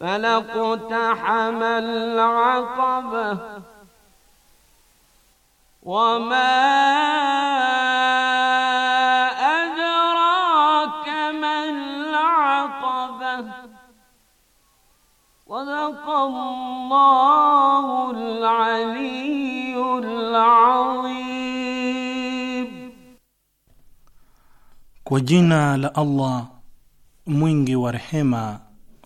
فلقتحم العقبة وما أدراك ما العقبة صدق الله العلي العظيم وجنا لألله la Allah mwingi wa rehema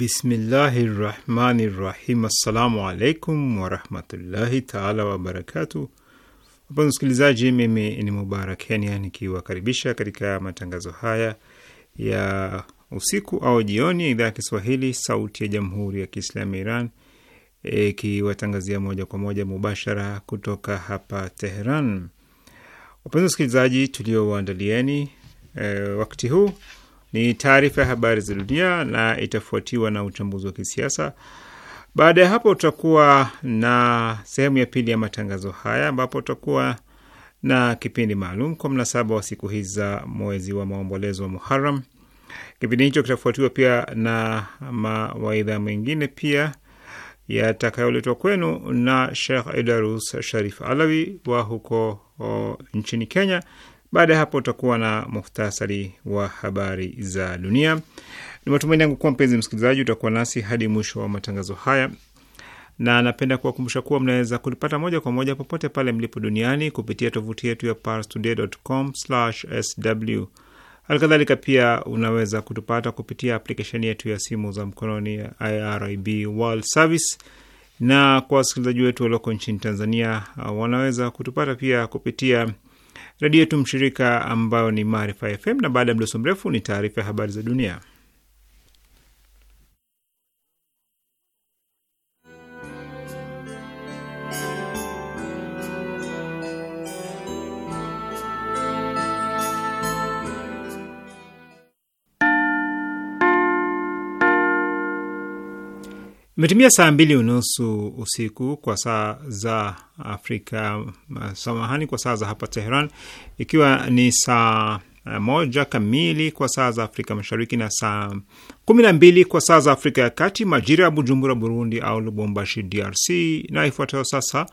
Bismillahi rahmani rahim. Assalamu alaikum warahmatullahi taala wabarakatu Wapenzi msikilizaji, mimi ni Mubarak Kenya nikiwakaribisha katika matangazo haya ya usiku au jioni ya idhaa ya Kiswahili sauti ya jamhuri ya Kiislamu ya Iran ikiwatangazia e, moja kwa moja mubashara kutoka hapa Teheran. Wapenzi wasikilizaji, tuliowaandalieni e, wakati huu ni taarifa ya habari za dunia na itafuatiwa na uchambuzi wa kisiasa. Baada ya hapo, tutakuwa na sehemu ya pili ya matangazo haya ambapo tutakuwa na kipindi maalum kwa mnasaba wa siku hizi za mwezi wa maombolezo wa Muharram. Kipindi hicho kitafuatiwa pia na mawaidha mengine pia yatakayoletwa kwenu na Shekh Idarus Sharif Alawi wa huko o, nchini Kenya baada ya hapo utakuwa na muhtasari wa habari za dunia. Ni matumaini yangu kuwa mpenzi msikilizaji utakuwa nasi hadi mwisho wa matangazo haya, na napenda kuwakumbusha kuwa mnaweza kulipata moja kwa moja popote pale mlipo duniani kupitia tovuti yetu ya parstoday.com/sw. Halikadhalika pia unaweza kutupata kupitia aplikesheni yetu ya simu za mkononi ya IRIB World Service, na kwa wasikilizaji wetu walioko nchini Tanzania wanaweza kutupata pia kupitia redio yetu mshirika ambayo ni Maarifa FM, na baada ya mdoso mrefu ni taarifa ya habari za dunia. Imetimia saa mbili unusu usiku kwa saa za Afrika, uh, samahani, kwa saa za hapa Teheran, ikiwa ni saa uh, moja kamili kwa saa za Afrika Mashariki na saa kumi na mbili kwa saa za Afrika ya Kati, majira ya Bujumbura, Burundi, au Lubumbashi, DRC. Na ifuatayo sasa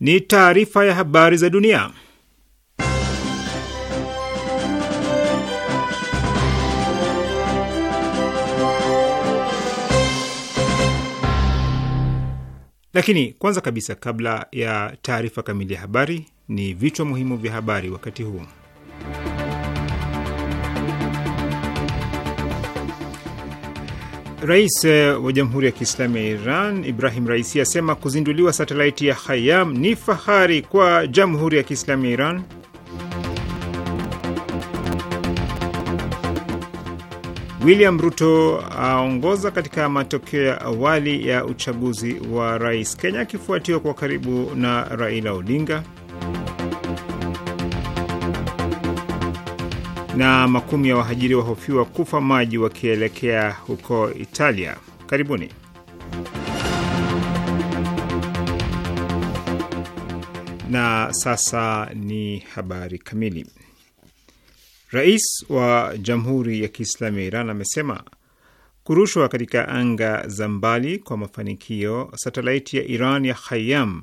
ni taarifa ya habari za dunia. Lakini kwanza kabisa, kabla ya taarifa kamili ya habari, ni vichwa muhimu vya habari wakati huu. Rais eh, wa Jamhuri ya Kiislamu ya Iran Ibrahim Raisi asema kuzinduliwa satelaiti ya Hayam ni fahari kwa Jamhuri ya Kiislamu ya Iran. William Ruto aongoza katika matokeo ya awali ya uchaguzi wa rais Kenya, akifuatiwa kwa karibu na Raila Odinga. Na makumi ya wahajiri wahofiwa kufa maji wakielekea huko Italia. Karibuni. Na sasa ni habari kamili. Rais wa Jamhuri ya Kiislamu ya Iran amesema kurushwa katika anga za mbali kwa mafanikio satelaiti ya Iran ya Hayam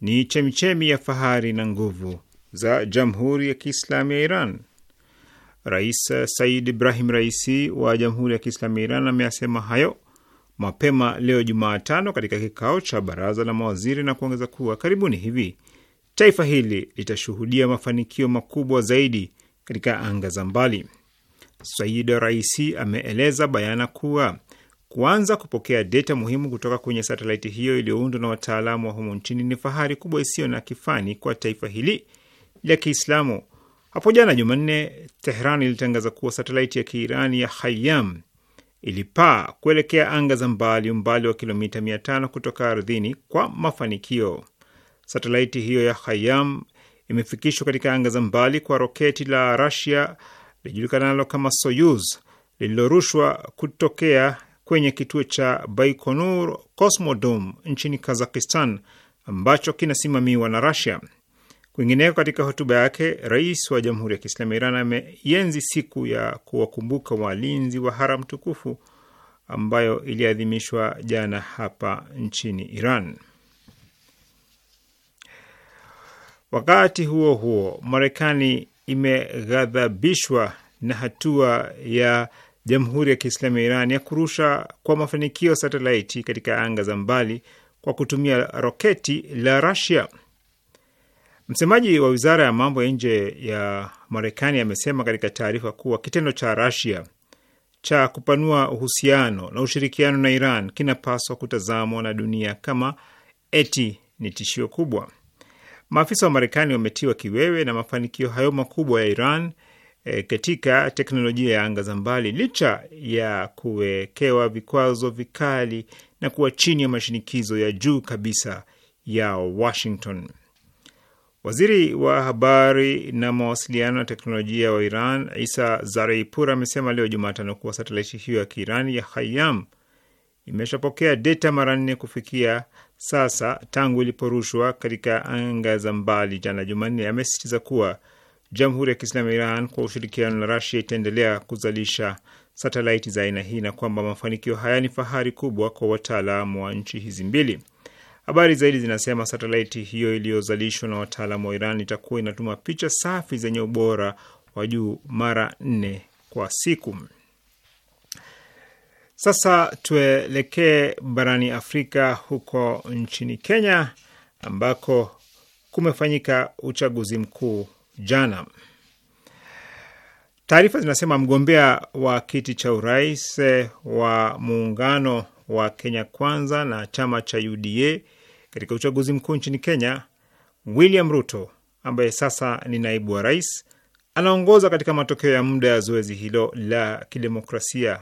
ni chemchemi ya fahari na nguvu za Jamhuri ya Kiislamu ya Iran. Rais Said Ibrahim Raisi wa Jamhuri ya Kiislamu ya Iran ameyasema hayo mapema leo Jumatano katika kikao cha baraza la mawaziri na kuongeza kuwa karibuni hivi taifa hili litashuhudia mafanikio makubwa zaidi katika anga za mbali. Said Raisi ameeleza bayana kuwa kuanza kupokea data muhimu kutoka kwenye satelaiti hiyo iliyoundwa na wataalamu wa humo nchini ni fahari kubwa isiyo na kifani kwa taifa hili la Kiislamu. Hapo jana Jumanne, Tehran ilitangaza kuwa satelaiti ya Kiirani ya Hayam ilipaa kuelekea anga za mbali, umbali wa kilomita 500 kutoka ardhini kwa mafanikio. Satelaiti hiyo ya Hayam imefikishwa katika anga za mbali kwa roketi la Rasia lijulikanalo kama Soyuz lililorushwa kutokea kwenye kituo cha Baikonur Cosmodome nchini Kazakistan ambacho kinasimamiwa na Rasia. Kwingineko, katika hotuba yake, rais wa Jamhuri ya Kiislamu ya Iran ameenzi siku ya kuwakumbuka walinzi wa haram tukufu ambayo iliadhimishwa jana hapa nchini Iran. Wakati huo huo, Marekani imeghadhabishwa na hatua ya Jamhuri ya Kiislamu ya Iran ya kurusha kwa mafanikio satelaiti katika anga za mbali kwa kutumia roketi la Rasia. Msemaji wa wizara ya mambo ya nje ya Marekani amesema katika taarifa kuwa kitendo cha Rasia cha kupanua uhusiano na ushirikiano na Iran kinapaswa kutazamwa na dunia kama eti ni tishio kubwa. Maafisa wa Marekani wametiwa kiwewe na mafanikio hayo makubwa ya Iran e, katika teknolojia ya anga za mbali licha ya kuwekewa vikwazo vikali na kuwa chini ya mashinikizo ya juu kabisa ya Washington. Waziri wa habari na mawasiliano na teknolojia wa Iran Isa Zareipur amesema leo Jumatano kuwa satelaiti hiyo ya Kiirani ya Hayam imeshapokea deta mara nne kufikia sasa tangu iliporushwa katika anga za mbali jana Jumanne, amesisitiza kuwa Jamhuri ya Kiislamu ya Iran kwa ushirikiano na Rasia itaendelea kuzalisha satelaiti za aina hii na kwamba mafanikio haya ni fahari kubwa kwa wataalamu wa nchi hizi mbili. Habari zaidi zinasema satelaiti hiyo iliyozalishwa na wataalamu wa Iran itakuwa inatuma picha safi zenye ubora wa juu mara nne kwa siku. Sasa tuelekee barani Afrika, huko nchini Kenya ambako kumefanyika uchaguzi mkuu jana. Taarifa zinasema mgombea wa kiti cha urais eh, wa muungano wa Kenya Kwanza na chama cha UDA katika uchaguzi mkuu nchini Kenya, William Ruto ambaye sasa ni naibu wa rais, anaongoza katika matokeo ya muda ya zoezi hilo la kidemokrasia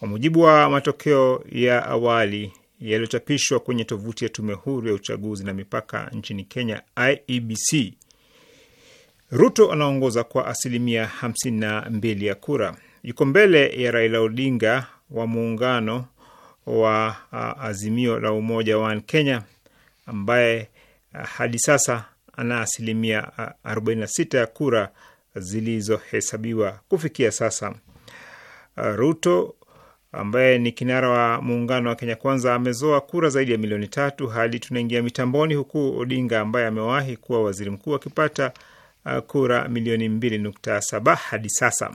kwa mujibu wa matokeo ya awali yaliyochapishwa kwenye tovuti ya tume huru ya uchaguzi na mipaka nchini Kenya, IEBC, Ruto anaongoza kwa asilimia 52 ya kura. Yuko mbele ya Raila Odinga wa muungano wa Azimio la Umoja wa Kenya ambaye hadi sasa ana asilimia 46 ya kura zilizohesabiwa kufikia sasa. Ruto ambaye ni kinara wa muungano wa Kenya Kwanza amezoa kura zaidi ya milioni tatu hadi tunaingia mitamboni, huku Odinga ambaye amewahi kuwa waziri mkuu akipata uh, kura milioni mbili nukta saba hadi sasa.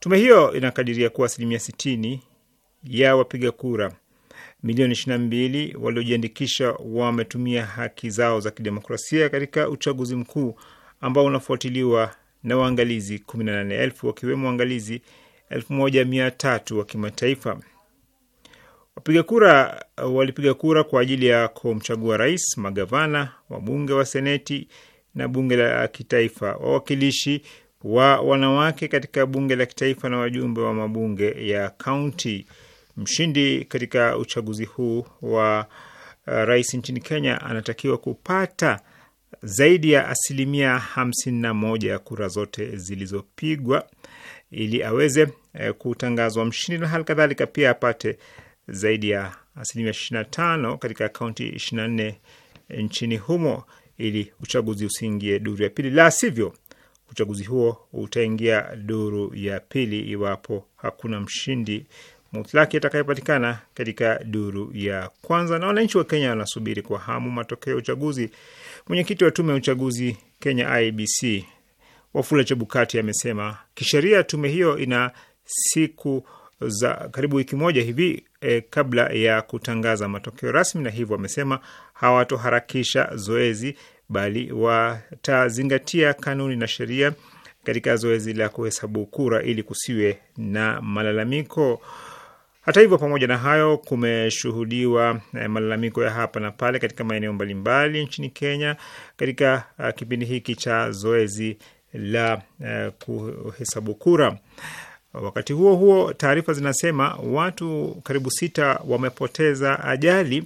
Tume hiyo inakadiria kuwa asilimia sitini ya wapiga kura milioni ishirini na mbili waliojiandikisha wametumia haki zao za kidemokrasia katika uchaguzi mkuu ambao unafuatiliwa na waangalizi 18 kumi na nane wakiwemo waangalizi 1300 wa kimataifa. Wapiga kura walipiga kura kwa ajili ya kumchagua rais, magavana, wabunge wa seneti na bunge la kitaifa, wawakilishi wa wanawake katika bunge la kitaifa na wajumbe wa mabunge ya kaunti. Mshindi katika uchaguzi huu wa uh, rais nchini Kenya anatakiwa kupata zaidi ya asilimia hamsini na moja ya kura zote zilizopigwa ili aweze eh, kutangazwa mshindi na hali kadhalika pia apate zaidi ya asilimia 25 katika kaunti 24 eh, nchini humo ili uchaguzi usiingie duru ya pili, la sivyo uchaguzi huo utaingia duru ya pili iwapo hakuna mshindi mutlaki atakayepatikana katika duru ya kwanza. Na wananchi wa Kenya wanasubiri kwa hamu matokeo ya uchaguzi. Mwenyekiti wa tume ya uchaguzi Kenya IBC Wafula Chebukati amesema kisheria tume hiyo ina siku za karibu wiki moja hivi e, kabla ya kutangaza matokeo rasmi, na hivyo wamesema hawatoharakisha zoezi, bali watazingatia kanuni na sheria katika zoezi la kuhesabu kura ili kusiwe na malalamiko. Hata hivyo, pamoja na hayo, kumeshuhudiwa e, malalamiko ya hapa na pale katika maeneo mbalimbali nchini Kenya katika kipindi hiki cha zoezi la eh, kuhesabu kura. Wakati huo huo, taarifa zinasema watu karibu sita wamepoteza ajali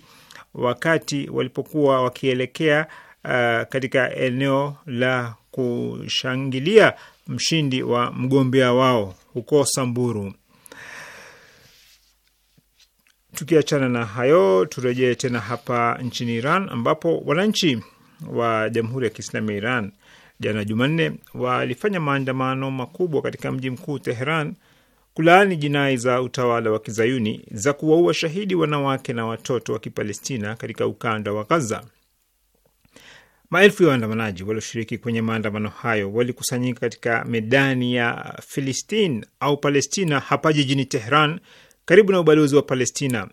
wakati walipokuwa wakielekea uh, katika eneo la kushangilia mshindi wa mgombea wao huko Samburu. Tukiachana na hayo, turejee tena hapa nchini Iran ambapo wananchi wa Jamhuri ya Kiislamu ya Iran jana Jumanne walifanya maandamano makubwa katika mji mkuu Teheran kulaani jinai za utawala wa kizayuni za kuwaua shahidi wanawake na watoto wa Kipalestina katika ukanda wa Gaza. Maelfu ya waandamanaji walioshiriki kwenye maandamano hayo walikusanyika katika medani ya Filistin au Palestina hapa jijini Teheran, karibu na ubalozi wa Palestina,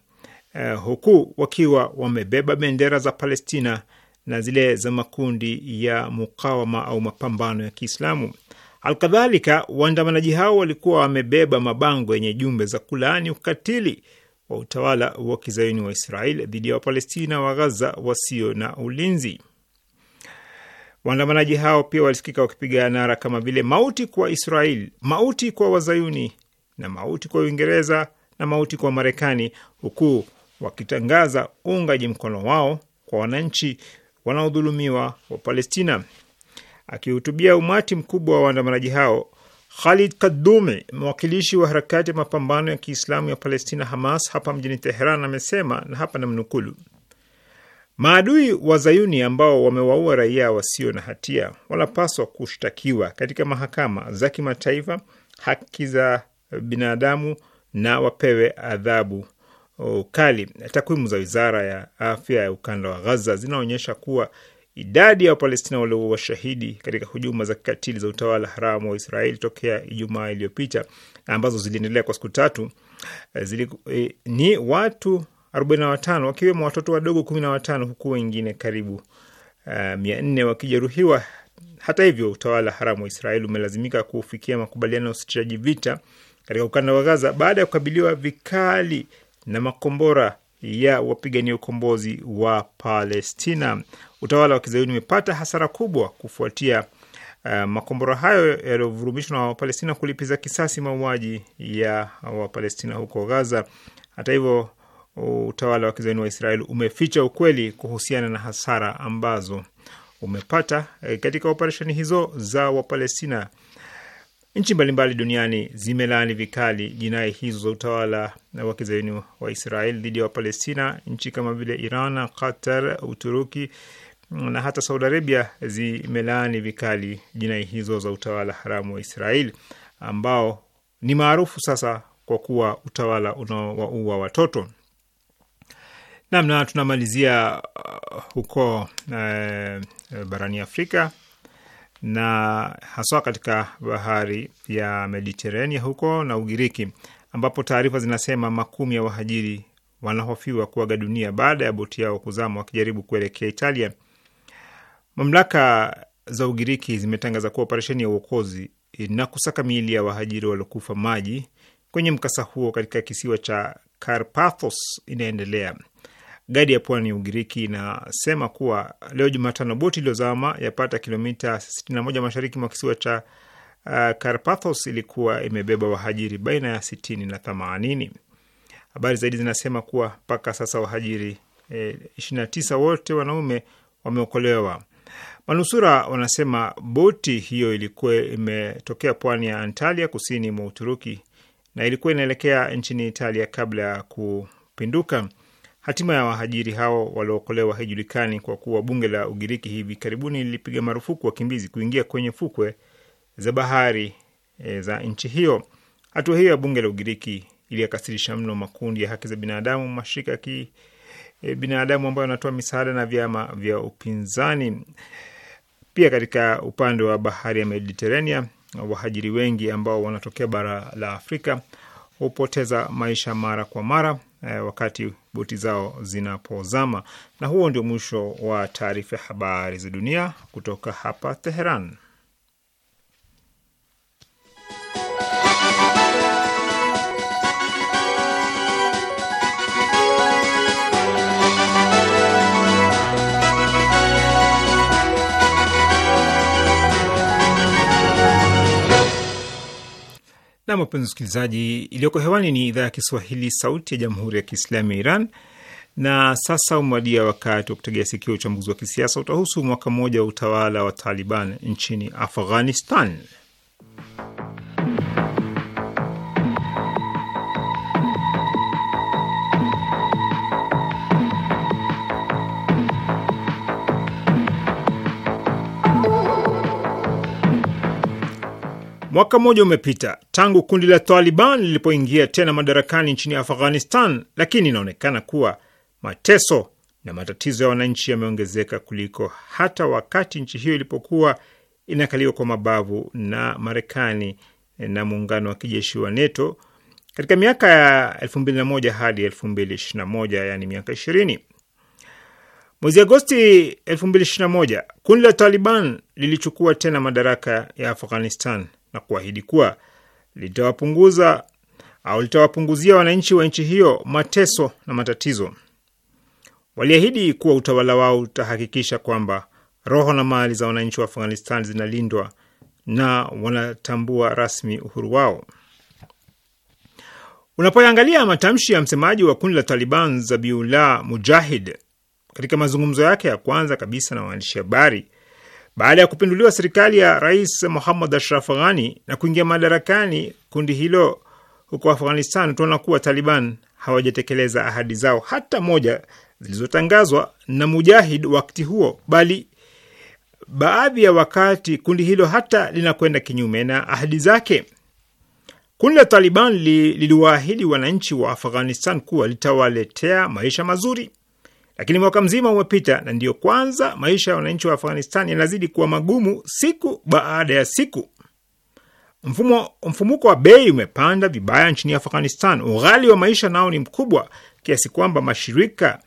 eh, huku wakiwa wamebeba bendera za Palestina na zile za makundi ya mukawama au mapambano ya Kiislamu. Alkadhalika, waandamanaji hao walikuwa wamebeba mabango yenye jumbe za kulaani ukatili wa utawala wa kizayuni wa Israel dhidi ya Wapalestina wa ghaza wasio na ulinzi. Waandamanaji hao pia walisikika wakipiga nara kama vile mauti kwa Israel, mauti kwa wazayuni na mauti kwa Uingereza na mauti kwa Marekani, huku wakitangaza uungaji mkono wao kwa wananchi wanaodhulumiwa wa Palestina. Akihutubia umati mkubwa wa waandamanaji hao, Khalid Kadumi, mwakilishi wa harakati ya mapambano ya Kiislamu ya Palestina, Hamas, hapa mjini Teheran amesema, na hapa namnukulu: maadui wa Zayuni ambao wamewaua raia wasio na hatia wanapaswa kushtakiwa katika mahakama za kimataifa, haki za binadamu na wapewe adhabu ukali. Takwimu za wizara ya afya ya ukanda wa Ghaza zinaonyesha kuwa idadi ya Wapalestina walio washahidi katika hujuma za kikatili za utawala haramu wa Israeli tokea Ijumaa iliyopita ambazo ziliendelea kwa siku tatu eh, zili, e, ni watu 45 wakiwemo watoto wadogo 15 huku wengine karibu eh, mia nne wakijeruhiwa. Hata hivyo, utawala haramu wa Israeli umelazimika kufikia makubaliano ya usitishaji vita katika ukanda wa Gaza baada ya kukabiliwa vikali na makombora ya wapigania ukombozi wa Palestina. Utawala wa kizayuni umepata hasara kubwa kufuatia uh, makombora hayo yaliyovurumishwa na Wapalestina kulipiza kisasi mauaji ya Wapalestina huko Gaza. Hata hivyo, utawala wa kizayuni wa Israeli umeficha ukweli kuhusiana na hasara ambazo umepata eh, katika operesheni hizo za Wapalestina Nchi mbalimbali duniani zimelaani vikali jinai hizo za utawala wa kizayuni wa Israel dhidi ya Wapalestina. Nchi kama vile Iran, Qatar, Uturuki na hata Saudi Arabia zimelaani vikali jinai hizo za utawala haramu wa Israel ambao ni maarufu sasa kwa kuwa utawala unaowaua watoto. Namna tunamalizia uh, huko uh, barani Afrika na haswa katika bahari ya Mediterania huko na Ugiriki, ambapo taarifa zinasema makumi ya wahajiri wanahofiwa kuaga dunia baada ya boti yao kuzama wakijaribu kuelekea Italia. Mamlaka za Ugiriki zimetangaza kuwa operesheni ya uokozi na kusaka miili ya wahajiri waliokufa maji kwenye mkasa huo katika kisiwa cha Karpathos inaendelea. Gadi ya pwani ya Ugiriki inasema kuwa leo Jumatano boti iliyozama yapata kilomita 61 mashariki mwa kisiwa cha uh, Karpathos ilikuwa imebeba wahajiri baina ya 60 na 80. Habari zaidi zinasema kuwa mpaka sasa wahajiri eh, 29 wote wanaume wameokolewa. Manusura wanasema boti hiyo ilikuwa imetokea pwani ya Antalya kusini mwa Uturuki na ilikuwa inaelekea nchini Italia kabla ya kupinduka. Hatima ya wahajiri hao waliookolewa haijulikani kwa kuwa bunge la Ugiriki hivi karibuni lilipiga marufuku wakimbizi kuingia kwenye fukwe za bahari e, za nchi hiyo. Hatua hiyo ya bunge la Ugiriki iliyakasirisha mno makundi ya haki za binadamu, mashirika ya kibinadamu e, ambayo yanatoa misaada na vyama vya upinzani. Pia katika upande wa bahari ya Mediterania, wahajiri wengi ambao wanatokea bara la Afrika hupoteza maisha mara kwa mara e, wakati boti zao zinapozama. Na huo ndio mwisho wa taarifa ya habari za dunia kutoka hapa Teheran. Nam, wapenzi msikilizaji, iliyoko hewani ni idhaa ya Kiswahili sauti ya jamhuri ya kiislamu ya Iran. Na sasa umewadia wakati wa kutegea sikio. Uchambuzi wa kisiasa utahusu mwaka mmoja wa utawala wa Taliban nchini Afghanistan. Mwaka mmoja umepita tangu kundi la Taliban lilipoingia tena madarakani nchini Afghanistan, lakini inaonekana kuwa mateso na matatizo ya wananchi yameongezeka kuliko hata wakati nchi hiyo ilipokuwa inakaliwa kwa mabavu na Marekani na muungano wa kijeshi wa NATO katika miaka ya 2001 hadi 2021, yani miaka 20. Mwezi Agosti 2021 kundi la Taliban lilichukua tena madaraka ya Afghanistan na kuahidi kuwa litawapunguza au litawapunguzia wananchi wa nchi hiyo mateso na matatizo. Waliahidi kuwa utawala wao utahakikisha kwamba roho na mali za wananchi wa Afghanistan zinalindwa na wanatambua rasmi uhuru wao. Unapoyangalia matamshi ya msemaji wa kundi la Taliban Zabiullah Mujahid katika mazungumzo yake ya kwanza kabisa na waandishi habari baada ya kupinduliwa serikali ya Rais Muhammad Ashraf Ghani na kuingia madarakani kundi hilo huko Afghanistan, tunaona kuwa Taliban hawajatekeleza ahadi zao hata moja zilizotangazwa na Mujahid wakati huo, bali baadhi ya wakati kundi hilo hata linakwenda kinyume na ahadi zake. Kundi la Taliban liliwaahidi wananchi wa Afghanistan kuwa litawaletea maisha mazuri lakini mwaka mzima umepita na ndiyo kwanza maisha ya wananchi wa Afghanistan yanazidi kuwa magumu siku baada ya siku. Mfumo, mfumuko wa bei umepanda vibaya nchini Afghanistan. Ughali wa maisha nao ni mkubwa kiasi kwamba mashirika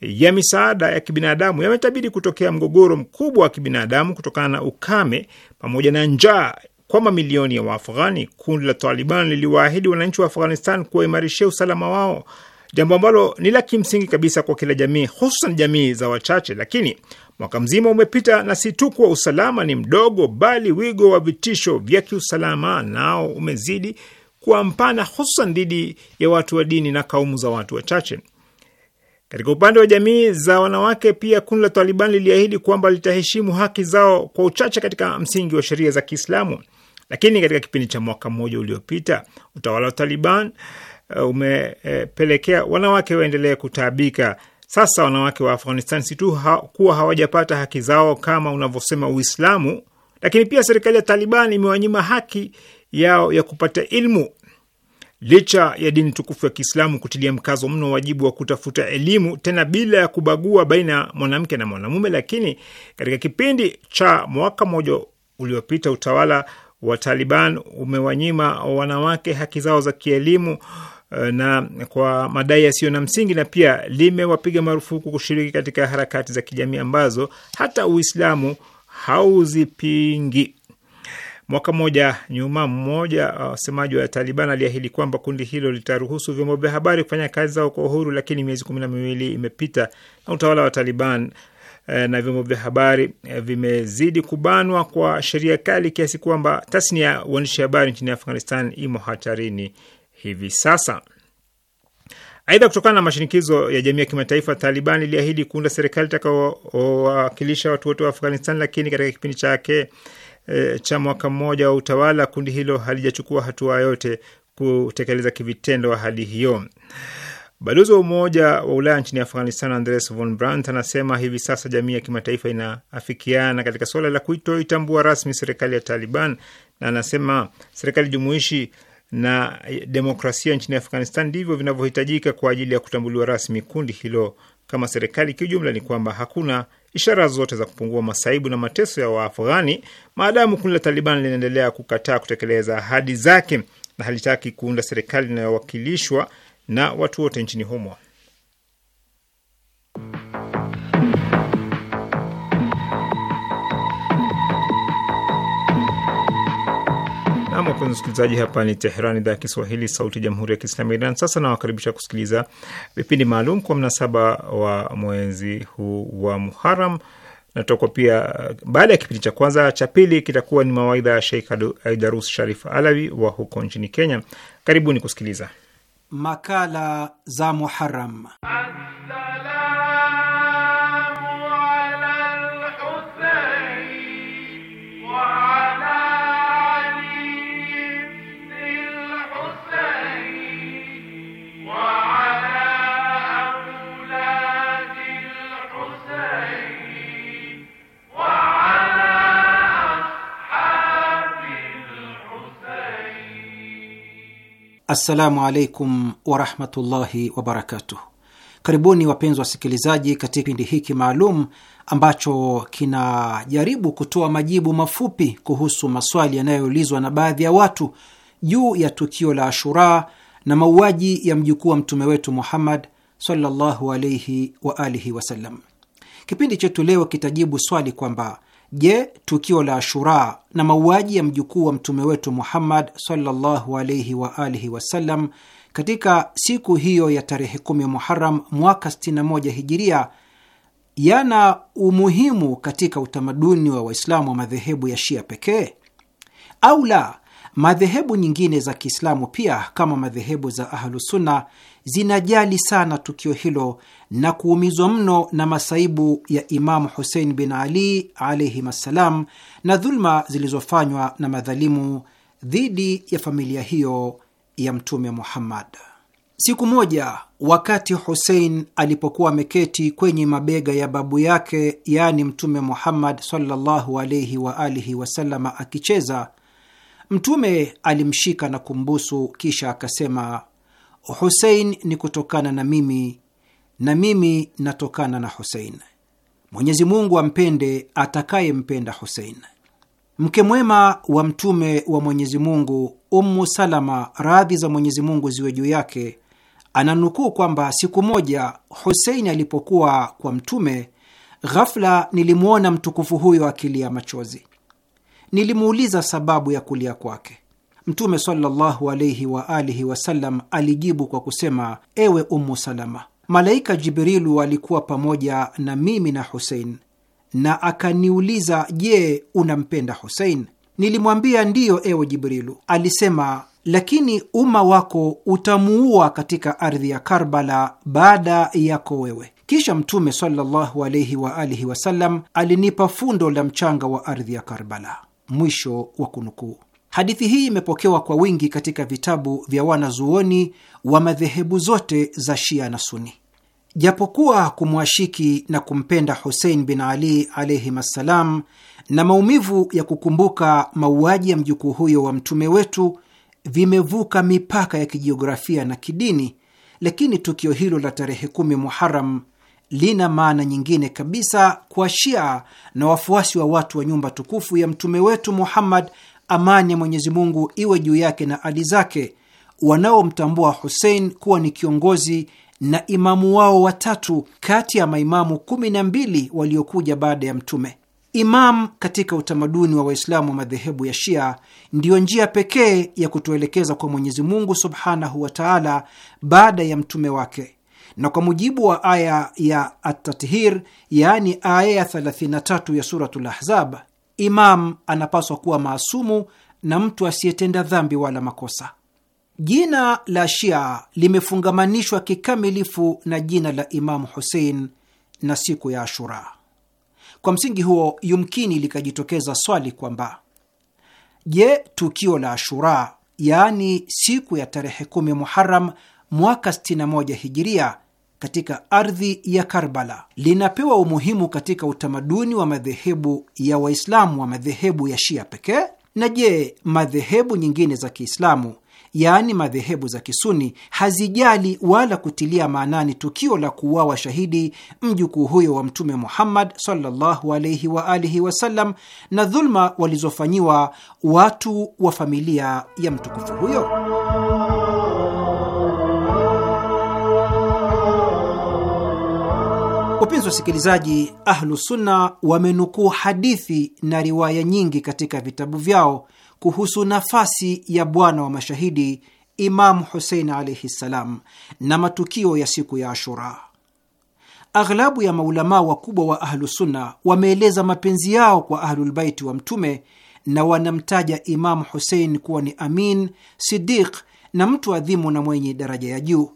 ya misaada ya kibinadamu yametabiri kutokea mgogoro mkubwa wa kibinadamu kutokana na ukame pamoja na njaa kwa mamilioni ya Waafghani. Kundi la Taliban liliwaahidi wananchi wa Afghanistan kuwaimarishia usalama wao jambo ambalo ni la kimsingi kabisa kwa kila jamii, hususan jamii za wachache. Lakini mwaka mzima umepita na si tu kuwa usalama ni mdogo, bali wigo wa vitisho vya kiusalama nao umezidi kuwa mpana, hususan dhidi ya watu wa dini na kaumu za watu wachache. Katika upande wa jamii za wanawake pia, kundi la Taliban liliahidi kwamba litaheshimu haki zao kwa uchache katika msingi wa sheria za Kiislamu, lakini katika kipindi cha mwaka mmoja uliopita utawala wa Taliban Eh, umepelekea e, wanawake waendelee kutaabika. Sasa wanawake wa Afghanistan si tu ha, kuwa hawajapata haki zao kama unavyosema Uislamu, lakini pia serikali ya Taliban imewanyima haki yao ya kupata ilmu licha ya dini tukufu ya Kiislamu kutilia mkazo mno wajibu wa kutafuta elimu, tena bila ya kubagua baina ya mwanamke na mwanamume. Lakini katika kipindi cha mwaka mmoja uliopita, utawala wa Taliban umewanyima wanawake haki zao za kielimu uh, Eh, na kwa madai yasiyo na msingi, na pia limewapiga marufuku kushiriki katika harakati za kijamii ambazo hata Uislamu hauzipingi. Mwaka mmoja nyuma, mmoja wasemaji uh, wa Taliban aliahidi kwamba kundi hilo litaruhusu vyombo vya habari kufanya kazi zao kwa uhuru, lakini miezi kumi na miwili imepita na utawala wa Taliban uh, na vyombo vya habari uh, vimezidi kubanwa kwa sheria kali kiasi kwamba tasnia ya uandishi habari nchini Afghanistan imo hatarini hivi sasa. Aidha, kutokana na mashinikizo ya jamii ya kimataifa, Taliban iliahidi kuunda serikali itakayowakilisha watu wote wa Afghanistan, lakini katika kipindi chake e, cha mwaka mmoja wa utawala, kundi hilo halijachukua hatua yote kutekeleza kivitendo ahadi hiyo. Balozi wa Umoja wa Ulaya nchini Afghanistan, Andres von Brandt, anasema hivi sasa jamii ya kimataifa inaafikiana katika suala la kuitoitambua rasmi serikali ya Taliban, na anasema serikali jumuishi na demokrasia nchini Afghanistan ndivyo vinavyohitajika kwa ajili ya kutambuliwa rasmi kundi hilo kama serikali. Kiujumla ni kwamba hakuna ishara zote za kupungua masaibu na mateso ya Waafghani maadamu kundi la Taliban linaendelea kukataa kutekeleza ahadi zake na halitaki kuunda serikali inayowakilishwa na watu wote nchini humo. wapenzi wasikilizaji, hapa ni Teherani, idhaa ya Kiswahili, sauti ya jamhuri ya kiislamu ya Iran. Sasa nawakaribisha kusikiliza vipindi maalum kwa mnasaba wa mwezi huu wa Muharam natoka pia. Baada ya kipindi cha kwanza, cha pili kitakuwa ni mawaidha ya Sheikh Aidarus Sharif Alawi wa huko nchini Kenya. Karibuni kusikiliza makala za Muharam. Assalamu alaikum warahmatullahi wabarakatuh. Karibuni wapenzi wasikilizaji, katika kipindi hiki maalum ambacho kinajaribu kutoa majibu mafupi kuhusu maswali yanayoulizwa na baadhi ya watu juu ya tukio la Ashura na mauaji ya mjukuu wa mtume wetu Muhammad sallallahu alaihi wa alihi wasallam. Kipindi chetu leo kitajibu swali kwamba Je, tukio la Ashura na mauaji ya mjukuu wa mtume wetu Muhammad sallallahu alaihi wa alihi wasallam katika siku hiyo ya tarehe 1 Muharam mwaka 61 hijiria yana umuhimu katika utamaduni wa Waislamu wa madhehebu ya Shia pekee au la? Madhehebu nyingine za Kiislamu pia kama madhehebu za Ahlusunna zinajali sana tukio hilo na kuumizwa mno na masaibu ya Imamu Husein bin Ali alaihim assalam na dhuluma zilizofanywa na madhalimu dhidi ya familia hiyo ya Mtume Muhammad. Siku moja wakati Husein alipokuwa ameketi kwenye mabega ya babu yake, yaani Mtume Muhammad sallallahu alaihi wa alihi wasalama, akicheza, Mtume alimshika na kumbusu, kisha akasema Husein ni kutokana na mimi na mimi natokana na Husein. Mwenyezi Mungu ampende atakayempenda Husein. Mke mwema wa Mtume wa Mwenyezi Mungu, Ummu Salama, radhi za Mwenyezi Mungu ziwe juu yake, ananukuu kwamba siku moja Husein alipokuwa kwa Mtume, ghafla nilimwona mtukufu huyo akilia machozi. Nilimuuliza sababu ya kulia kwake. Mtume sallallahu alaihi wa alihi wasallam alijibu kwa kusema, ewe Ummu Salama, malaika Jibrilu alikuwa pamoja na mimi na Husein na akaniuliza, je, unampenda Husein? Nilimwambia ndiyo, ewe Jibrilu. Alisema, lakini umma wako utamuua katika ardhi ya Karbala baada yako wewe. Kisha Mtume sallallahu alaihi wa alihi wasallam alinipa fundo la mchanga wa ardhi ya Karbala. Mwisho wa kunukuu. Hadithi hii imepokewa kwa wingi katika vitabu vya wanazuoni wa madhehebu zote za Shia na Suni. Japokuwa kumwashiki na kumpenda Husein bin Ali alaihim assalam na maumivu ya kukumbuka mauaji ya mjukuu huyo wa mtume wetu vimevuka mipaka ya kijiografia na kidini, lakini tukio hilo la tarehe kumi Muharam lina maana nyingine kabisa kwa Shia na wafuasi wa watu wa nyumba tukufu ya mtume wetu Muhammad amani ya Mwenyezi Mungu iwe juu yake na ali zake, wanaomtambua Husein kuwa ni kiongozi na imamu wao watatu kati ya maimamu kumi na mbili waliokuja baada ya Mtume. Imam katika utamaduni wa Waislamu wa madhehebu ya Shia ndiyo njia pekee ya kutuelekeza kwa Mwenyezi Mungu subhanahu wa taala baada ya mtume wake, na kwa mujibu wa aya ya Atathir, yaani aya ya 33 ya Suratul Ahzab, Imam anapaswa kuwa maasumu na mtu asiyetenda dhambi wala makosa. Jina la Shia limefungamanishwa kikamilifu na jina la Imamu Husein na siku ya Ashura. Kwa msingi huo, yumkini likajitokeza swali kwamba je, tukio la Ashura, yaani siku ya tarehe kumi Muharam mwaka 61 hijiria katika ardhi ya Karbala linapewa umuhimu katika utamaduni wa madhehebu ya Waislamu wa madhehebu ya Shia pekee? Na je, madhehebu nyingine za Kiislamu yaani madhehebu za Kisuni hazijali wala kutilia maanani tukio la kuuawa shahidi mjukuu huyo wa Mtume Muhammad sallallahu alaihi wa alihi wasallam na dhulma walizofanyiwa watu wa familia ya mtukufu huyo? Wapenzi wasikilizaji, Ahlusunna wamenukuu hadithi na riwaya nyingi katika vitabu vyao kuhusu nafasi ya bwana wa mashahidi Imamu Husein alaihi ssalam na matukio ya siku ya Ashura. Aghlabu ya maulamaa wakubwa wa Ahlusunna wameeleza mapenzi yao kwa Ahlulbaiti wa Mtume na wanamtaja Imamu Husein kuwa ni amin, sidiq na mtu adhimu na mwenye daraja ya juu.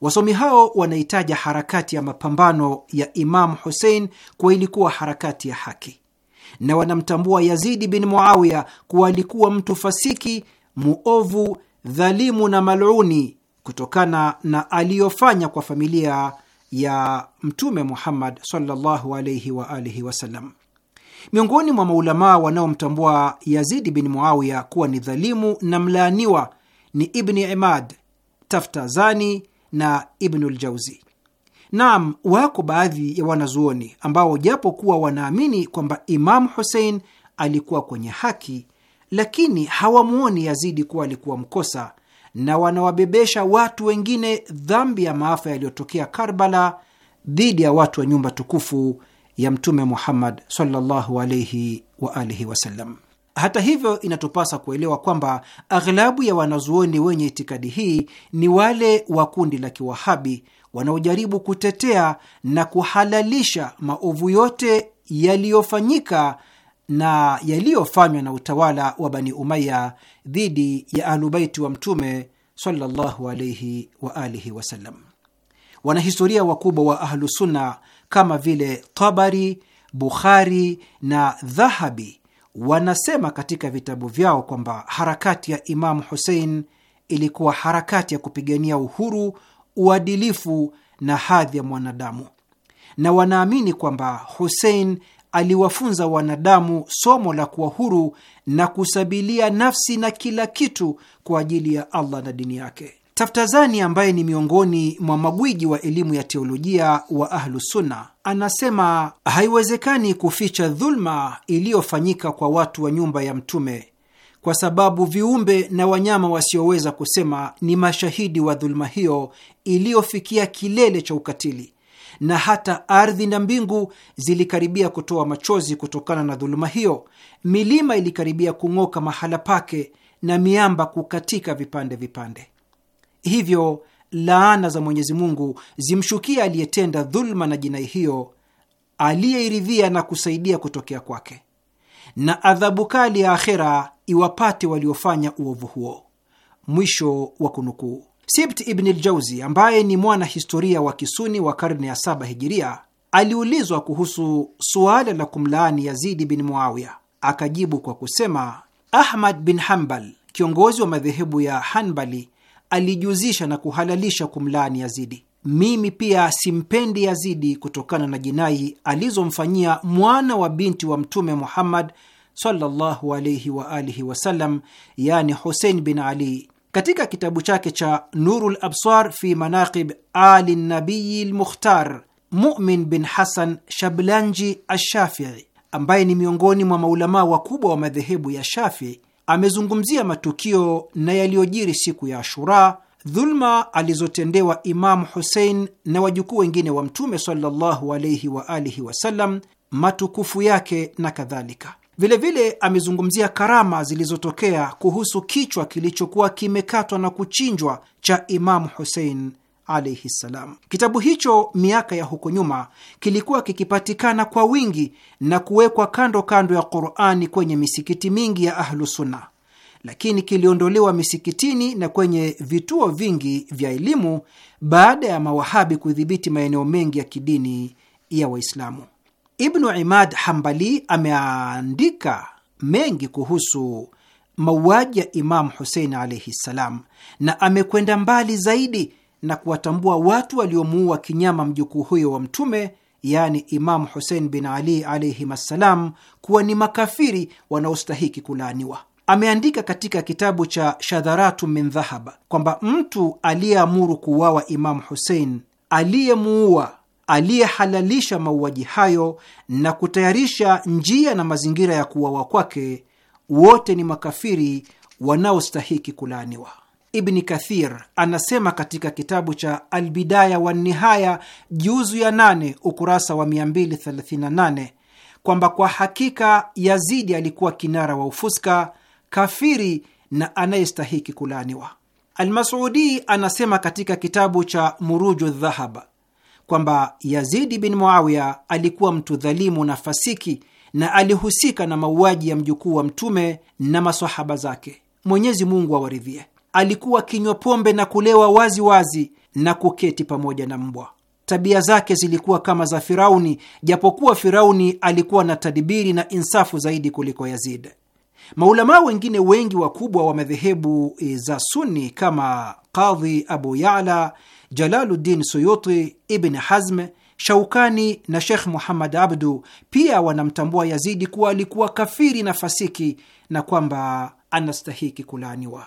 Wasomi hao wanaitaja harakati ya mapambano ya Imamu Husein kuwa ilikuwa harakati ya haki, na wanamtambua Yazidi bin Muawiya kuwa alikuwa mtu fasiki, muovu, dhalimu na maluni kutokana na aliyofanya kwa familia ya Mtume Muhammad sallallahu alaihi wa alihi wasallam. Miongoni mwa maulamaa wanaomtambua Yazidi bin Muawiya kuwa ni dhalimu na mlaaniwa ni Ibni Imad, Taftazani na Ibnul Jauzi. Naam, wako baadhi ya wanazuoni ambao japo kuwa wanaamini kwamba Imamu Husein alikuwa kwenye haki, lakini hawamuoni Yazidi kuwa alikuwa mkosa na wanawabebesha watu wengine dhambi ya maafa yaliyotokea Karbala dhidi ya watu wa nyumba tukufu ya Mtume Muhammad sallallahu alaihi wa alihi wasallam. Hata hivyo, inatupasa kuelewa kwamba aghlabu ya wanazuoni wenye itikadi hii ni wale wa kundi la Kiwahabi wanaojaribu kutetea na kuhalalisha maovu yote yaliyofanyika na yaliyofanywa na utawala wa Bani Umaya dhidi ya Ahlubaiti wa Mtume sallallahu alayhi wa alihi wasallam. Wanahistoria wakubwa wa Ahlusunna kama vile Tabari, Bukhari na Dhahabi wanasema katika vitabu vyao kwamba harakati ya Imamu Husein ilikuwa harakati ya kupigania uhuru, uadilifu na hadhi ya mwanadamu, na wanaamini kwamba Husein aliwafunza wanadamu somo la kuwa huru na kusabilia nafsi na kila kitu kwa ajili ya Allah na dini yake. Taftazani ambaye ni miongoni mwa magwiji wa elimu ya teolojia wa Ahlusunna anasema haiwezekani kuficha dhulma iliyofanyika kwa watu wa nyumba ya Mtume, kwa sababu viumbe na wanyama wasioweza kusema ni mashahidi wa dhulma hiyo iliyofikia kilele cha ukatili, na hata ardhi na mbingu zilikaribia kutoa machozi kutokana na dhuluma hiyo. Milima ilikaribia kung'oka mahala pake na miamba kukatika vipande vipande. Hivyo laana za Mwenyezi Mungu zimshukia aliyetenda dhuluma na jinai hiyo, aliyeiridhia na kusaidia kutokea kwake, na adhabu kali ya akhera iwapate waliofanya uovu huo. Mwisho wa kunukuu. Sibt Ibn Ljauzi, ambaye ni mwana historia wa Kisuni wa karne ya saba hijiria, aliulizwa kuhusu suala la kumlaani Yazidi bin Muawiya, akajibu kwa kusema, Ahmad bin Hambal, kiongozi wa madhehebu ya Hanbali, alijuzisha na kuhalalisha kumlaani Yazidi. Mimi pia simpendi Yazidi kutokana na jinai alizomfanyia mwana wa binti wa Mtume Muhammad sallallahu alayhi wa alihi wasallam, yani Husein bin Ali. Katika kitabu chake cha Nurul Absar fi Manaqib Ali Nabiyi Lmukhtar, Mumin bin Hasan Shablanji Ashafii ambaye ni miongoni mwa maulamaa wakubwa wa madhehebu ya Shafii amezungumzia matukio na yaliyojiri siku ya Ashura, dhulma alizotendewa Imamu Husein na wajukuu wengine wa Mtume sallallahu alaihi wa alihi wasallam, matukufu yake na kadhalika. Vilevile amezungumzia karama zilizotokea kuhusu kichwa kilichokuwa kimekatwa na kuchinjwa cha Imamu Husein alaihi ssalam. Kitabu hicho miaka ya huko nyuma kilikuwa kikipatikana kwa wingi na kuwekwa kando kando ya Qurani kwenye misikiti mingi ya Ahlusunna, lakini kiliondolewa misikitini na kwenye vituo vingi vya elimu baada ya mawahabi kudhibiti maeneo mengi ya kidini ya Waislamu. Ibnu Imad Hambali ameandika mengi kuhusu mauaji ya Imamu Husein alaihi ssalam, na amekwenda mbali zaidi na kuwatambua watu waliomuua kinyama mjukuu huyo wa Mtume, yaani Imamu Husein bin Ali alaihim assalam, kuwa ni makafiri wanaostahiki kulaaniwa. Ameandika katika kitabu cha Shadharatu min Dhahaba kwamba mtu aliyeamuru kuuawa Imamu Husein, aliyemuua aliyehalalisha mauaji hayo na kutayarisha njia na mazingira ya kuuawa kwake, wote ni makafiri wanaostahiki kulaaniwa. Ibni Kathir anasema katika kitabu cha Albidaya wa Nihaya juzu ya nane ukurasa wa 238 kwamba kwa hakika Yazidi alikuwa kinara wa ufuska, kafiri na anayestahiki kulaaniwa. Almasudi anasema katika kitabu cha Muruju Dhahab kwamba Yazidi bin Muawiya alikuwa mtu dhalimu na fasiki na alihusika na mauaji ya mjukuu wa Mtume na masahaba zake. Mwenyezi Mungu awaridhie wa alikuwa akinywa pombe na kulewa waziwazi wazi na kuketi pamoja na mbwa. Tabia zake zilikuwa kama za Firauni, japokuwa Firauni alikuwa na tadibiri na insafu zaidi kuliko Yazid. Maulamaa wengine wengi wakubwa wa madhehebu eh, za Sunni kama Qadhi Abu Yala, Jalaluddin Suyuti, Ibn Hazm, Shaukani na Shekh Muhammad Abdu pia wanamtambua Yazidi kuwa alikuwa kafiri na fasiki na kwamba anastahiki kulaaniwa.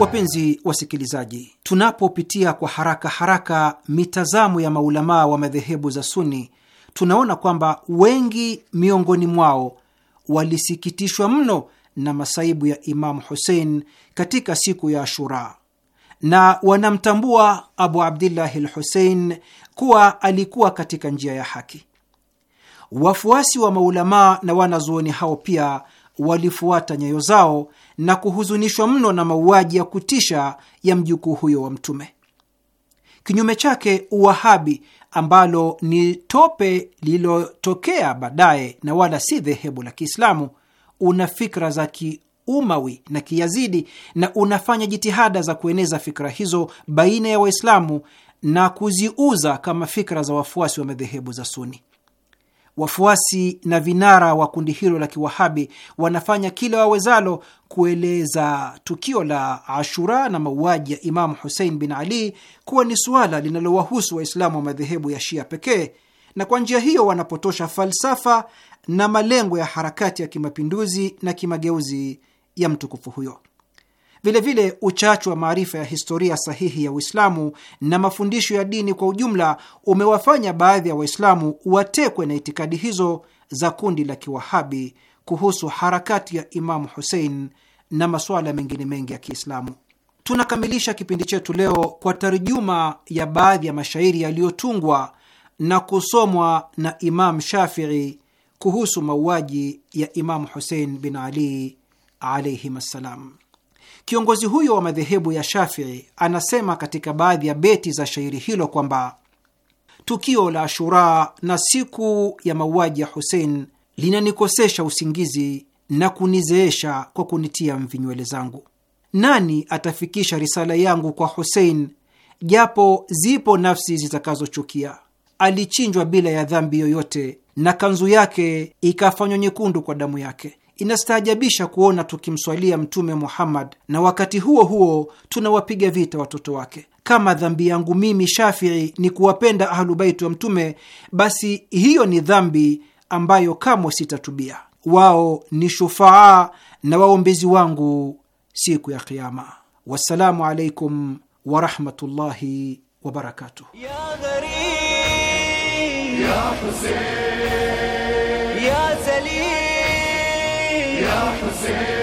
Wapenzi wasikilizaji, tunapopitia kwa haraka haraka mitazamo ya maulamaa wa madhehebu za Suni, tunaona kwamba wengi miongoni mwao walisikitishwa mno na masaibu ya Imamu Husein katika siku ya Ashura na wanamtambua Abu Abdillahi l husein kuwa alikuwa katika njia ya haki. Wafuasi wa maulamaa na wanazuoni hao pia walifuata nyayo zao na kuhuzunishwa mno na mauaji ya kutisha ya mjukuu huyo wa Mtume. Kinyume chake, Uwahabi ambalo ni tope lililotokea baadaye na wala si dhehebu la Kiislamu, una fikra za Kiumawi na Kiyazidi na unafanya jitihada za kueneza fikra hizo baina ya Waislamu na kuziuza kama fikra za wafuasi wa madhehebu za Suni. Wafuasi na vinara wa kundi hilo la Kiwahabi wanafanya kila wawezalo kueleza tukio la Ashura na mauaji ya Imamu Husein bin Ali kuwa ni suala linalowahusu Waislamu wa madhehebu ya Shia pekee, na kwa njia hiyo wanapotosha falsafa na malengo ya harakati ya kimapinduzi na kimageuzi ya mtukufu huyo. Vilevile, uchache wa maarifa ya historia sahihi ya Uislamu na mafundisho ya dini kwa ujumla umewafanya baadhi ya Waislamu watekwe na itikadi hizo za kundi la Kiwahabi kuhusu harakati ya Imamu Husein na masuala mengine mengi ya Kiislamu. Tunakamilisha kipindi chetu leo kwa tarjuma ya baadhi ya mashairi yaliyotungwa na kusomwa na Imam Shafii kuhusu mauaji ya Imamu Husein bin Ali alaihim assalam. Kiongozi huyo wa madhehebu ya Shafii anasema katika baadhi ya beti za shairi hilo kwamba tukio la Ashura na siku ya mauaji ya Husein linanikosesha usingizi na kunizeesha kwa kunitia mvinywele zangu. Nani atafikisha risala yangu kwa Husein, japo zipo nafsi zitakazochukia? Alichinjwa bila ya dhambi yoyote, na kanzu yake ikafanywa nyekundu kwa damu yake. Inastaajabisha kuona tukimswalia Mtume Muhammad na wakati huo huo tunawapiga vita watoto wake. Kama dhambi yangu mimi Shafii ni kuwapenda Ahlubaiti wa Mtume, basi hiyo ni dhambi ambayo kamwe sitatubia. Wao ni shufaa na waombezi wangu siku ya Kiama. Wassalamu alaikum warahmatullahi wabarakatuh. Say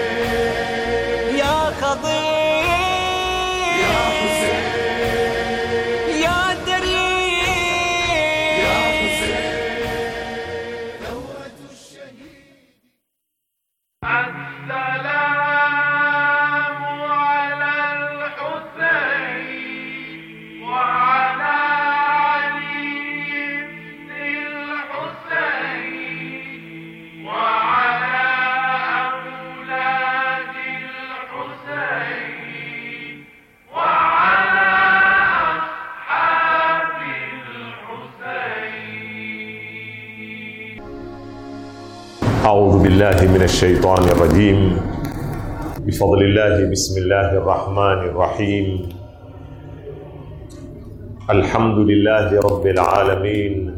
بالله من الشيطان الرجيم بفضل الله بسم الله الرحمن الرحيم الحمد لله رب العالمين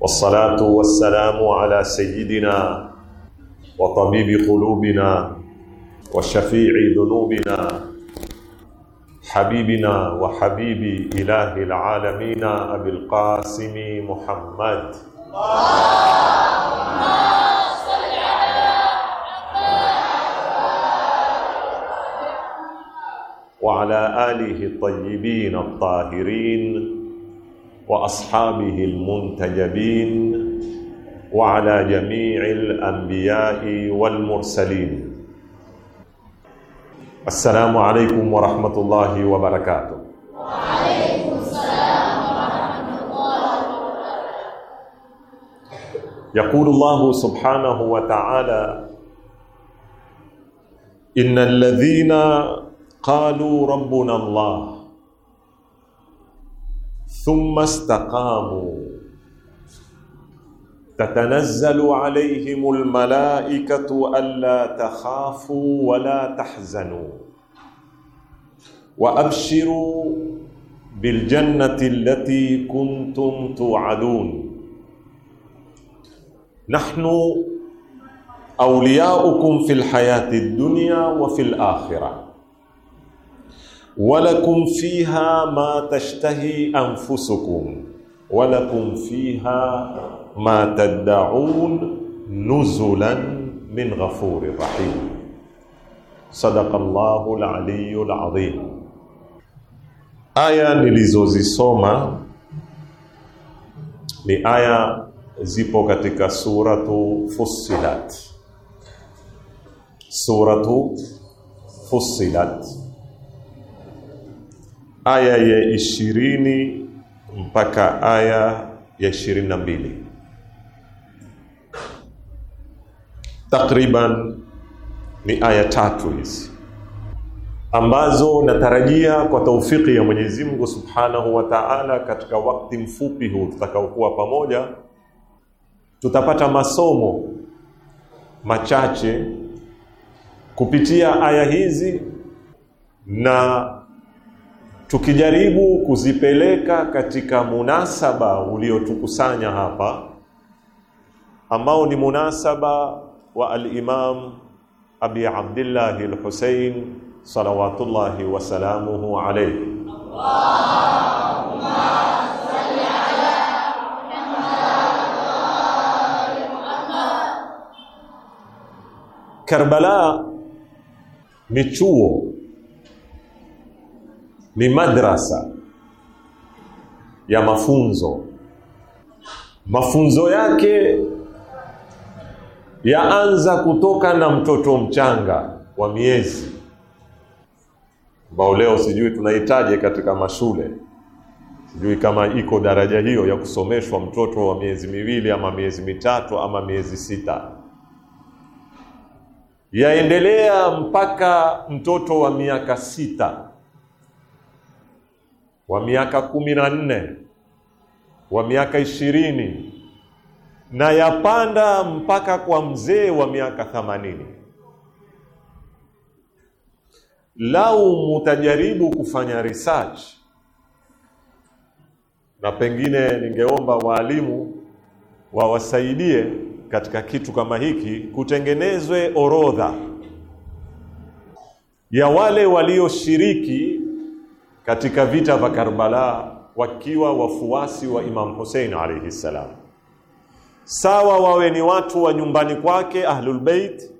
والصلاة والسلام على سيدنا وطبيب قلوبنا وشفيع ذنوبنا حبيبنا وحبيب إله العالمين أبي القاسم محمد وعلى آله الطيبين الطاهرين وأصحابه المنتجبين وعلى جميع الأنبياء والمرسلين السلام عليكم ورحمة الله وبركاته وعليكم السلام ورحمة الله وبركاته يقول الله سبحانه وتعالى إن الذين قالوا ربنا الله ثم استقاموا تتنزل عليهم الملائكه الا تخافوا ولا تحزنوا وابشروا بالجنه التي كنتم توعدون نحن اولياؤكم في الحياه الدنيا وفي الاخره ولكم فيها ما تشتهي أنفسكم ولكم فيها ما تدعون نزلا من غفور رحيم صدق الله العلي العظيم آية nilizozisoma ni لآية zipo katika suratu fussilat suratu fussilat aya ya ishirini mpaka aya ya ishirini na mbili takriban ni aya tatu hizi ambazo natarajia kwa taufiki ya Mwenyezi Mungu Subhanahu wa Ta'ala, katika wakati mfupi huu tutakaokuwa pamoja, tutapata masomo machache kupitia aya hizi na tukijaribu kuzipeleka katika munasaba uliotukusanya hapa ambao ni munasaba wa al-Imam Abi Abdullah al-Husayn salawatullahi wa salamuhu alayhi. Allahumma salli ala Muhammad. Karbala ni chuo ni madrasa ya mafunzo. Mafunzo yake yaanza kutoka na mtoto mchanga wa miezi ambao leo sijui tunahitaji katika mashule, sijui kama iko daraja hiyo ya kusomeshwa mtoto wa miezi miwili ama miezi mitatu ama miezi sita, yaendelea mpaka mtoto wa miaka sita wa miaka kumi na nne wa miaka ishirini na yapanda mpaka kwa mzee wa miaka thamanini. Lau mutajaribu kufanya research, na pengine ningeomba waalimu wawasaidie katika kitu kama hiki, kutengenezwe orodha ya wale walioshiriki katika vita vya Karbala wakiwa wafuasi wa Imam Hussein alayhi salam, sawa wawe ni watu wa nyumbani kwake Ahlul Bait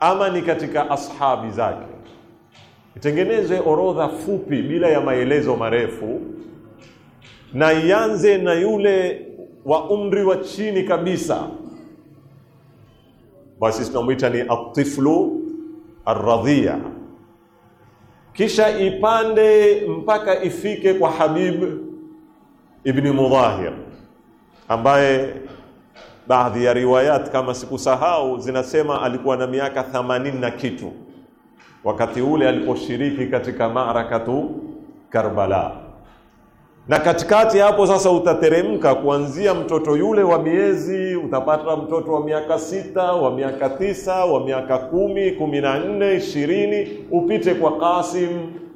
ama ni katika ashabi zake. Itengenezwe orodha fupi bila ya maelezo marefu, na ianze na yule wa umri wa chini kabisa, basi tunamwita ni atiflu arradhia kisha ipande mpaka ifike kwa Habib ibni Mudhahir ambaye baadhi ya riwayat kama sikusahau zinasema alikuwa na miaka 80 na kitu wakati ule aliposhiriki katika maarakatu Karbala na katikati hapo sasa utateremka kuanzia mtoto yule wa miezi, utapata mtoto wa miaka sita, wa miaka tisa, wa miaka kumi, kumi na nne, ishirini, upite kwa Qasim,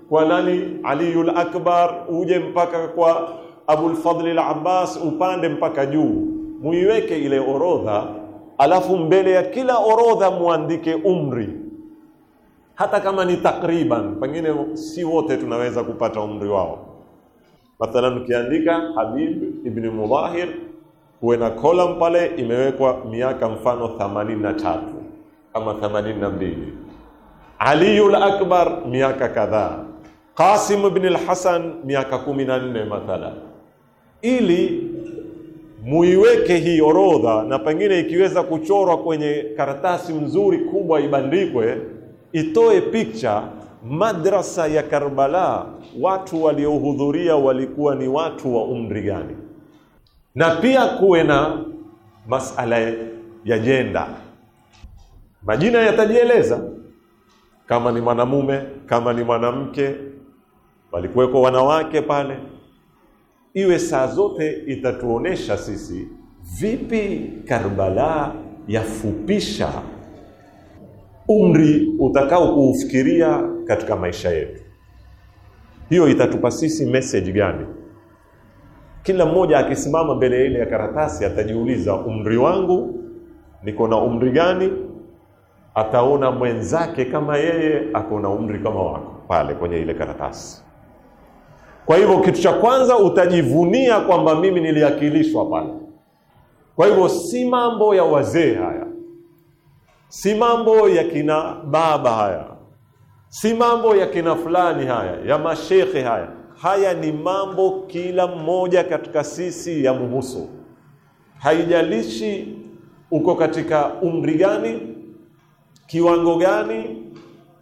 kwa nani, Aliyul Akbar, uje mpaka kwa Abulfadli al Abbas, upande mpaka juu. Muiweke ile orodha, alafu mbele ya kila orodha muandike umri, hata kama ni takriban, pengine si wote tunaweza kupata umri wao Mathalan ukiandika Habib ibn Mudahir huwe na column pale imewekwa miaka mfano 83 ama 82. Aliul Akbar miaka kadhaa, Qasim ibn al-Hasan miaka kumi na nne mathalan, ili muiweke hii orodha, na pengine ikiweza kuchorwa kwenye karatasi nzuri kubwa ibandikwe, itoe picha madrasa ya Karbala watu waliohudhuria walikuwa ni watu wa umri gani, na pia kuwe na masala ya jenda. Majina yatajieleza kama ni mwanamume, kama ni mwanamke, walikuweko wanawake pale. Iwe saa zote itatuonesha sisi vipi Karbala yafupisha umri utakao kuufikiria katika maisha yetu hiyo itatupa sisi message gani kila mmoja akisimama mbele ile ya karatasi atajiuliza umri wangu niko na umri gani ataona mwenzake kama yeye ako na umri kama wako pale kwenye ile karatasi kwa hivyo kitu cha kwanza utajivunia kwamba mimi niliakilishwa pale kwa hivyo si mambo ya wazee haya si mambo ya kina baba haya, si mambo ya kina fulani haya, ya mashekhe haya. Haya ni mambo kila mmoja katika sisi ya muhusu, haijalishi uko katika umri gani, kiwango gani,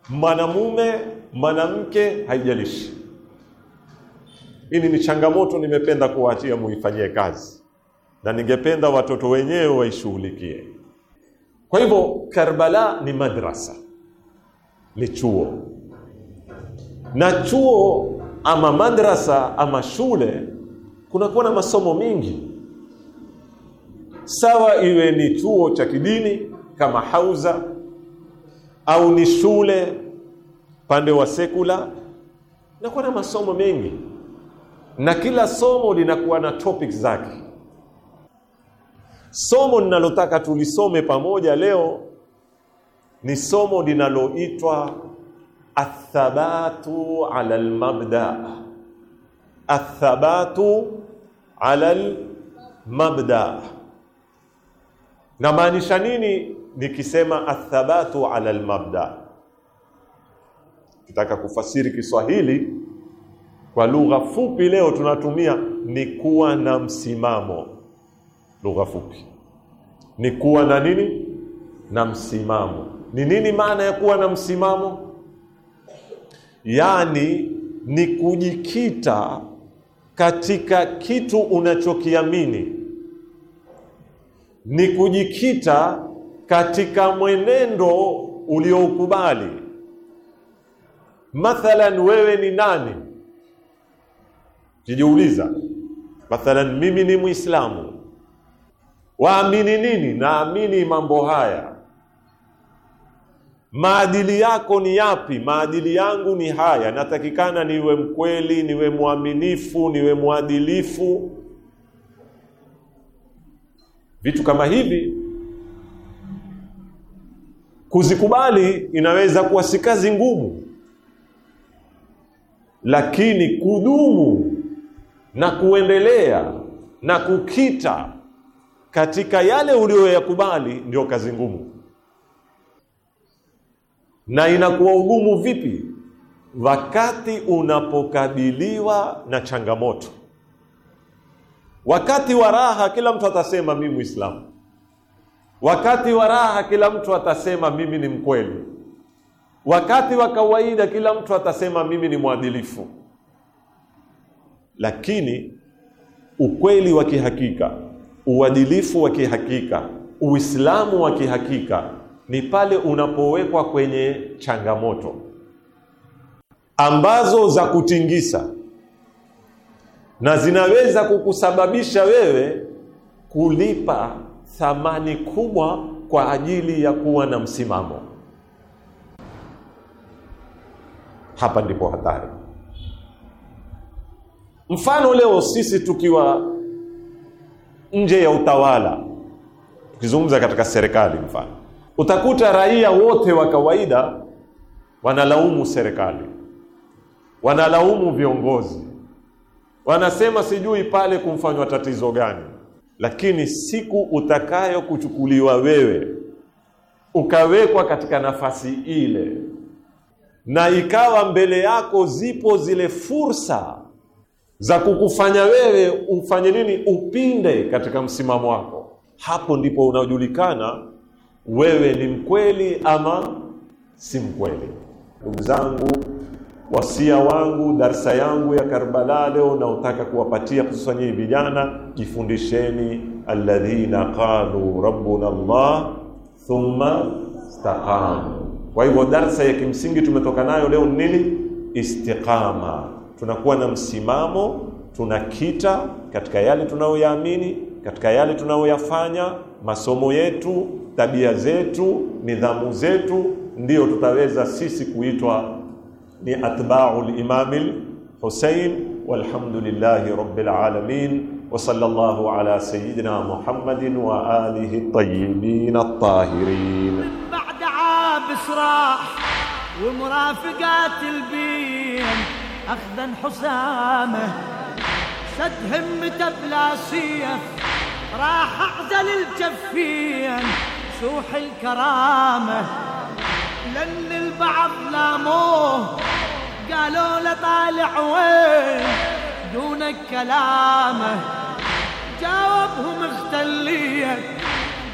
mwanamume mwanamke, haijalishi. Hili ni changamoto, nimependa kuwaachia muifanyie kazi, na ningependa watoto wenyewe waishughulikie. Kwa hivyo Karbala ni madrasa, ni chuo, na chuo ama madrasa ama shule kunakuwa na masomo mengi, sawa iwe ni chuo cha kidini kama hauza au ni shule pande wa sekula, inakuwa na masomo mengi na kila somo linakuwa na topics zake Somo ninalotaka tulisome pamoja leo ni somo linaloitwa athabatu ala almabda, athabatu ala almabda. Na maanisha nini nikisema athabatu ala almabda? Kitaka kufasiri Kiswahili kwa lugha fupi, leo tunatumia ni kuwa na msimamo lugha fupi ni kuwa na nini na msimamo ni nini maana ya kuwa na msimamo yaani ni kujikita katika kitu unachokiamini ni kujikita katika mwenendo ulioukubali mathalan wewe ni nani jijiuliza mathalan mimi ni muislamu Waamini nini? Naamini mambo haya. Maadili yako ni yapi? Maadili yangu ni haya. Natakikana niwe mkweli, niwe mwaminifu, niwe mwadilifu. Vitu kama hivi kuzikubali inaweza kuwa si kazi ngumu, lakini kudumu na kuendelea na kukita katika yale uliyoyakubali ndio kazi ngumu. Na inakuwa ugumu vipi? Wakati unapokabiliwa na changamoto. Wakati wa raha kila mtu atasema mimi Muislamu. Wakati wa raha kila mtu atasema mimi ni mkweli. Wakati wa kawaida kila mtu atasema mimi ni mwadilifu. Lakini ukweli wa kihakika Uadilifu wa kihakika, Uislamu wa kihakika ni pale unapowekwa kwenye changamoto ambazo za kutingisa na zinaweza kukusababisha wewe kulipa thamani kubwa kwa ajili ya kuwa na msimamo. Hapa ndipo hatari. Mfano, leo sisi tukiwa nje ya utawala, tukizungumza katika serikali mfano, utakuta raia wote wa kawaida wanalaumu serikali, wanalaumu viongozi, wanasema sijui pale kumfanywa tatizo gani. Lakini siku utakayo kuchukuliwa wewe ukawekwa katika nafasi ile na ikawa mbele yako zipo zile fursa za kukufanya wewe ufanye nini, upinde katika msimamo wako. Hapo ndipo unajulikana wewe ni mkweli ama si mkweli. Ndugu zangu, wasia wangu, darsa yangu ya Karbala leo naotaka kuwapatia hususa nyinyi vijana, jifundisheni alladhina qalu rabbuna Allah thumma istaqamu. Kwa hivyo darsa ya kimsingi tumetoka nayo leo ni nini? Istiqama tunakuwa na msimamo, tunakita katika yale tunayoyaamini, katika yale tunayoyafanya, masomo yetu, tabia zetu, nidhamu zetu, ndiyo tutaweza sisi kuitwa ni atba'u al-Imamil Hussein. Walhamdulillahi rabbil alamin wa sallallahu ala sayyidina Muhammadin wa alihi tayyibin at-tahirin ba'da abisra wa murafiqat al-bin أخذا حسامه سد همته بلا سيف راح أعدل الجفين سوح الكرامة لأن البعض لاموه قالوا له طالع وين دونك كلامه جاوبهم اختليت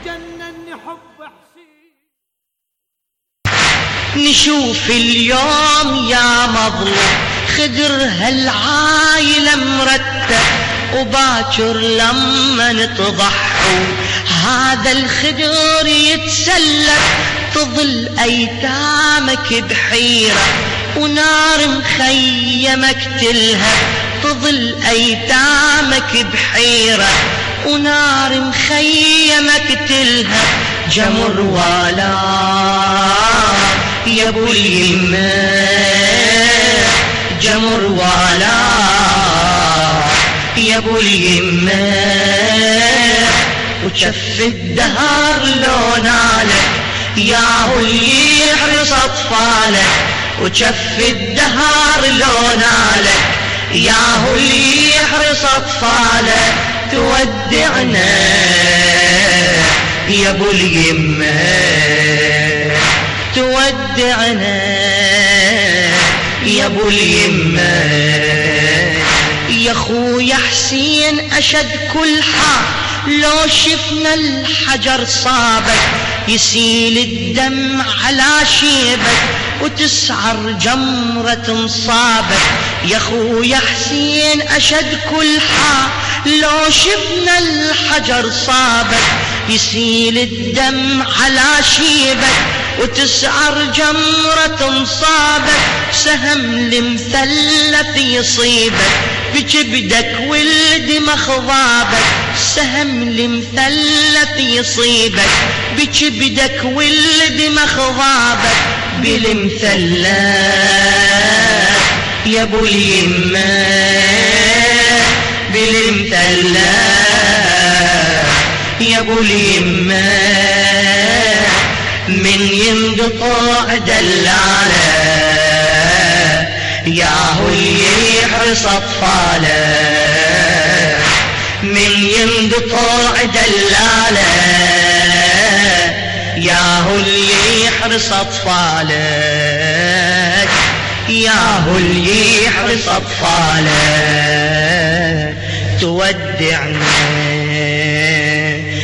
جنني حب حسين نشوف اليوم يا مظلوم خدر هالعايلة مرتب وباكر لما نتضحوا هذا الخدر يتسلف تظل أيتامك بحيرة ونار مخيمك تلهب تظل أيتامك بحيرة ونار مخيمك تلهب جمر ولا يا ابو اليمين جمر والا يا ابو اليمه وشف الدهر لو نالك اللي يحرص اطفالك وشف الدهر لو نالك اللي يحرص اطفالك تودعنا يا ابو اليمه تودعنا يا ابو اليمة يا خويا حسين اشد كل حال لو شفنا الحجر صابك يسيل الدم على شيبك وتسعر جمرة مصابك يا خويا حسين أشد كل حال لو شفنا الحجر صابك يسيل الدم على شيبك وتسعر جمرة صابك سهم المثلث يصيبك بجبدك ولد مخضابك سهم المثلث يصيبك بجبدك ولد مخضابك بالمثلث يا ابو اليمه بالمثلث يقول يما من يمدقا دل على ياهو يحرص اطفاله من يمدقا دل على ياهو اللي يحرص اطفاله ياهو اللي يحرص اطفاله تودعنا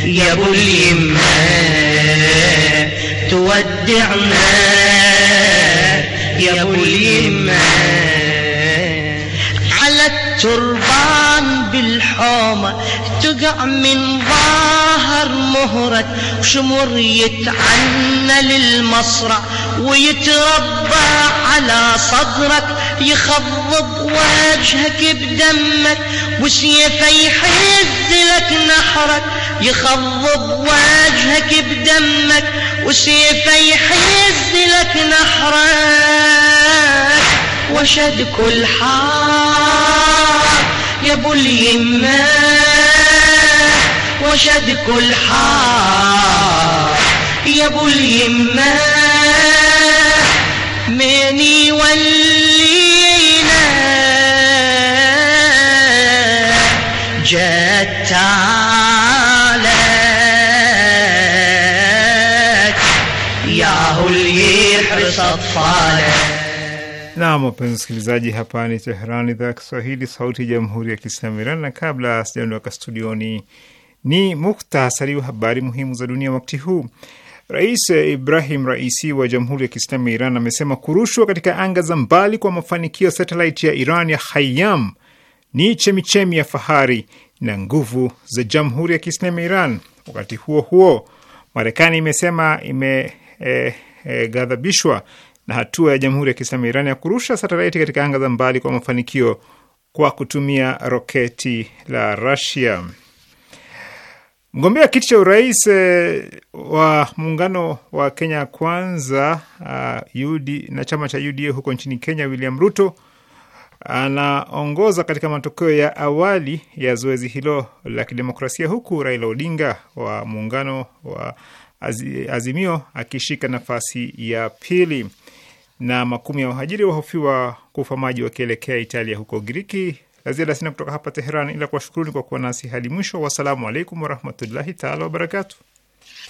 يا ابو اليمه تودعنا يا ابو اليمه على التربان بالحومه تقع من ظاهر مهرة شمر يتعنى للمصرع ويتربى على صدرك يخضب وجهك بدمك وسيفي يحز لك نحرك يخضب وجهك بدمك وسيفه يحز لك نحرك وشد كل حار يا ابو اليمه وشد كل حار يا ابو اليمه من يولينا جتار Nam, wapenzi msikilizaji, hapa ni Teheran, idhaa ya Kiswahili, sauti ya jamhuri ya kiislamu Iran. Na kabla sijaondoka studioni, ni muktasari wa habari muhimu za dunia wakti huu. Rais Ibrahim Raisi wa Jamhuri ya Kiislamu ya Iran amesema kurushwa katika anga za mbali kwa mafanikio ya satelaiti ya Iran ya Hayam ni chemichemi ya fahari na nguvu za Jamhuri ya Kiislamu ya Iran. Wakati huo huo, Marekani imesema ime eh, gadhabishwa na hatua ya Jamhuri ya Kiislamu ya Iran ya kurusha satelaiti katika anga za mbali kwa mafanikio kwa kutumia roketi la rasia Mgombea kiti cha urais eh, wa muungano wa Kenya Kwanza uh, ah, UD, na chama cha UDA huko nchini Kenya, William Ruto anaongoza katika matokeo ya awali ya zoezi hilo la kidemokrasia, huku Raila Odinga wa muungano wa Azimio akishika nafasi ya pili, na makumi ya wahajiri wahofiwa kufa maji wakielekea Italia huko giriki La ziada sina kutoka hapa Teheran, ila kuwashukuruni kwa kuwa nasi hadi mwisho. Wassalamu alaikum warahmatullahi taala wabarakatu.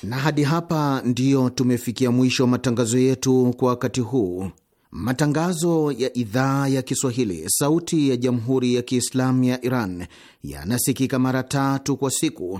Na hadi hapa ndiyo tumefikia mwisho wa matangazo yetu kwa wakati huu. Matangazo ya idhaa ya Kiswahili sauti ya jamhuri ya Kiislamu ya Iran yanasikika mara tatu kwa siku